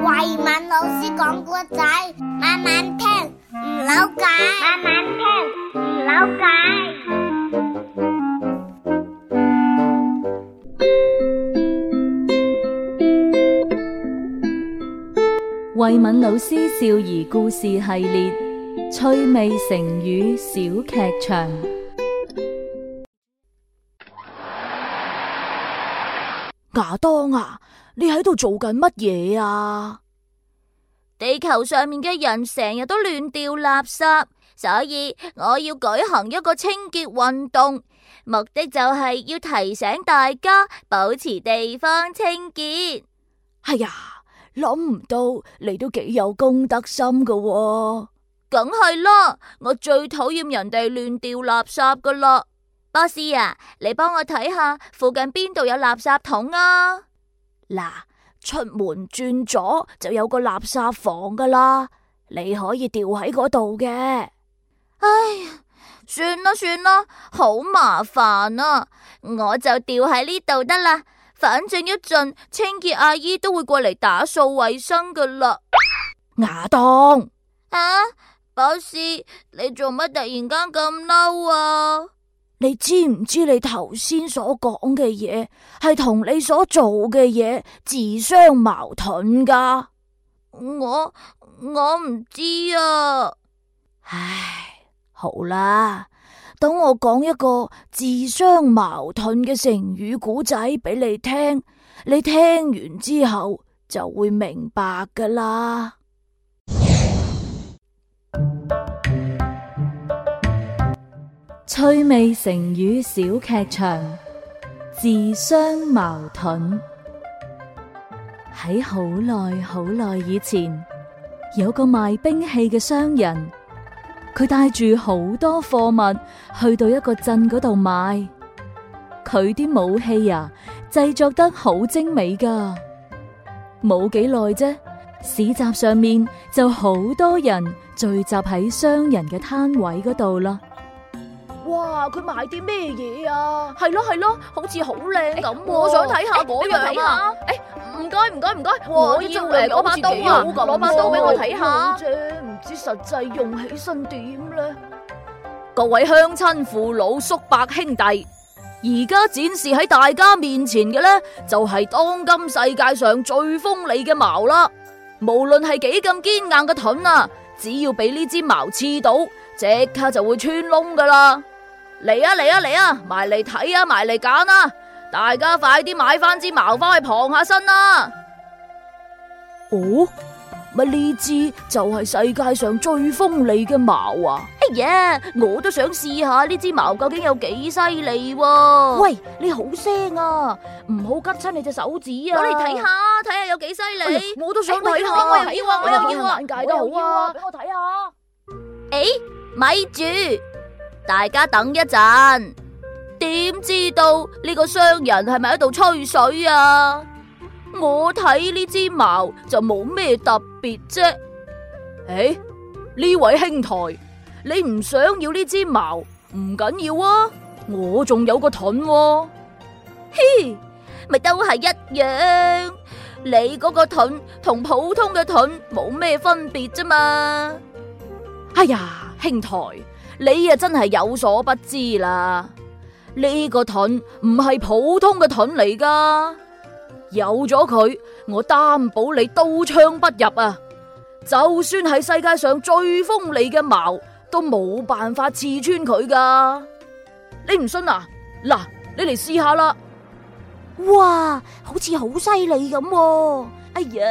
慧敏老師講故仔，慢慢聽，唔扭計。慢慢聽，唔扭計。慧敏老師少兒故事系列，趣味成語小劇場。亞當啊，你喺度做緊乜嘢啊？地球上面嘅人成日都亂掉垃圾，所以我要舉行一個清潔運動，目的就係要提醒大家保持地方清潔。哎呀，諗唔到你都幾有公德心噶喎，梗係啦，我最討厭人哋亂掉垃圾噶啦。波士啊，你幫我睇下附近邊度有垃圾桶啊？嗱，出門轉左就有個垃圾房噶啦，你可以掉喺嗰度嘅。哎呀，算啦算啦，好麻煩啊，我就掉喺呢度得啦。反正一陣清潔阿姨都會過嚟打掃衛生噶啦。亞當，啊，波士，你做乜突然間咁嬲啊？你知唔知你頭先所講嘅嘢，係同你所做嘅嘢自相矛盾噶？我我唔知啊。唉，好啦，等我講一個自相矛盾嘅成語故仔俾你聽，你聽完之後就會明白噶啦。趣味成語小劇場：自相矛盾。喺好耐好耐以前，有個賣兵器嘅商人，佢帶住好多貨物去到一個鎮嗰度賣。佢啲武器呀，製作得好精美噶。冇幾耐啫，市集上面就好多人聚集喺商人嘅攤位嗰度啦。哇！佢買啲咩嘢啊？係咯係咯，好似好靚咁。我想睇下嗰樣啊！誒，唔該唔該唔該，我要你攞把刀啊！攞把刀俾我睇下。啫，唔知實際用起身點咧？各位鄉親父老叔伯兄弟，而家展示喺大家面前嘅咧，就係當今世界上最鋒利嘅矛啦！無論係幾咁堅硬嘅盾啊，只要俾呢支矛刺到，即刻就會穿窿噶啦！嚟啊嚟啊嚟啊，埋嚟睇啊，埋嚟揀啊！大家快啲買翻支矛翻去傍下身啦！哦，咪呢支就係世界上最鋒利嘅矛啊！哎呀，我都想試下呢支矛究竟有幾犀利喎！喂，你好聲啊，唔好拮親你隻手指啊！攞嚟睇下，睇下有幾犀利！我都想睇下，我又要啊，我又要啊，我又要啊！俾我睇下。誒，咪住！大家等一陣，點知道呢個商人係咪喺度吹水啊？我睇呢支矛就冇咩特別啫。誒，呢位兄台，你唔想要呢支矛唔緊要啊,我仲有個盾。嘿，咪都係一樣，你嗰個盾同普通嘅盾冇咩分別啫嘛。哎呀，兄台。你啊，真係有所不知啦！呢個盾唔係普通嘅盾嚟噶，有咗佢，我擔保你刀槍不入啊！就算係世界上最鋒利嘅矛，都冇辦法刺穿佢噶。你唔信啊？嗱，你嚟試下啦！哇，好似好犀利咁。哎呀，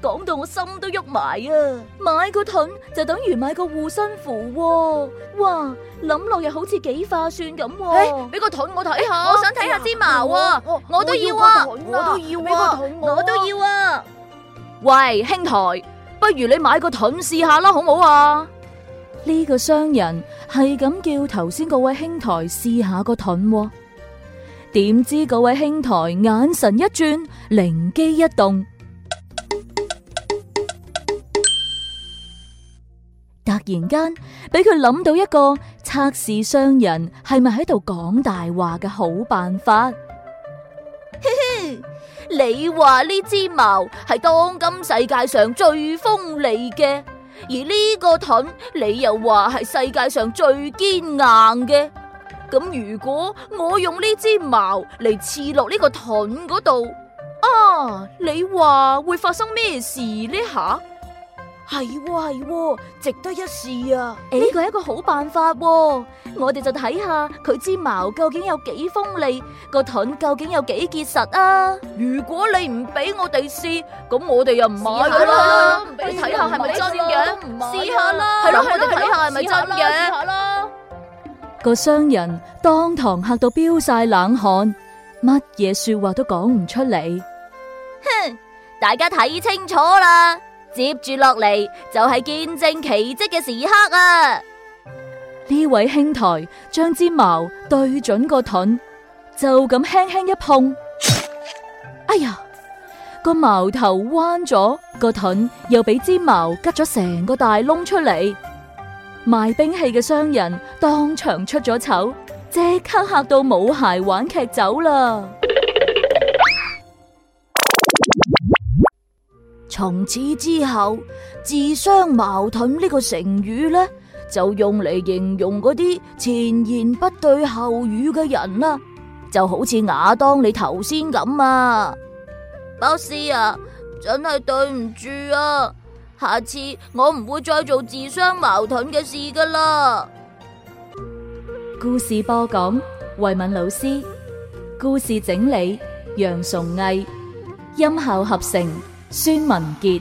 講到我心都郁埋啊！買個盾就等於買個護身符，哇，諗落又好似幾化算咁。俾個盾我睇下，我想睇下先啊！我都要啊！我都要個盾啊！我都要啊！喂，兄台，不如你買個盾試下啦，好唔好啊？呢個商人係咁叫頭先嗰位兄台試下個盾，點知嗰位兄台眼神一轉，靈機一動。突然間，俾佢諗到一個測試商人係咪喺度講大話嘅好辦法。 你話呢支矛係當今世界上最鋒利嘅，而呢個盾你又話係世界上最堅硬嘅。咁如果我用呢支矛嚟刺落呢個盾嗰度，啊，你話會發生咩事呢？下？係喎，係喎，值得一試啊！呢個係一個好辦法，我哋就睇下佢支矛究竟有幾鋒利，個盾究竟有幾結實啊！如果你唔俾我哋試，咁我哋又唔買㗎啦。你睇下係咪真嘅？試下啦，係咯，我哋睇下係咪真嘅？個商人當堂吓到飆晒冷汗，乜嘢說話都講唔出嚟。哼！大家睇清楚啦。接住落嚟就係見證奇迹嘅時刻啊！呢位兄台將支矛對準個盾，就咁輕輕一碰，哎呀，個矛頭彎咗，個盾又俾支矛吉咗成個大窿出嚟。賣兵器嘅商人當場出咗醜，即刻吓到冇鞋玩劇走啦。從此之後，自相矛盾呢個成語咧，就用嚟形容嗰啲前言不對後語嘅人啦。就好似亞當你頭先咁啊。博士啊，真係對唔住啊，下次我唔會再做自相矛盾嘅事噶啦。故事播講，慧敏老師；故事整理，楊崇毅；音效合成。孫文杰。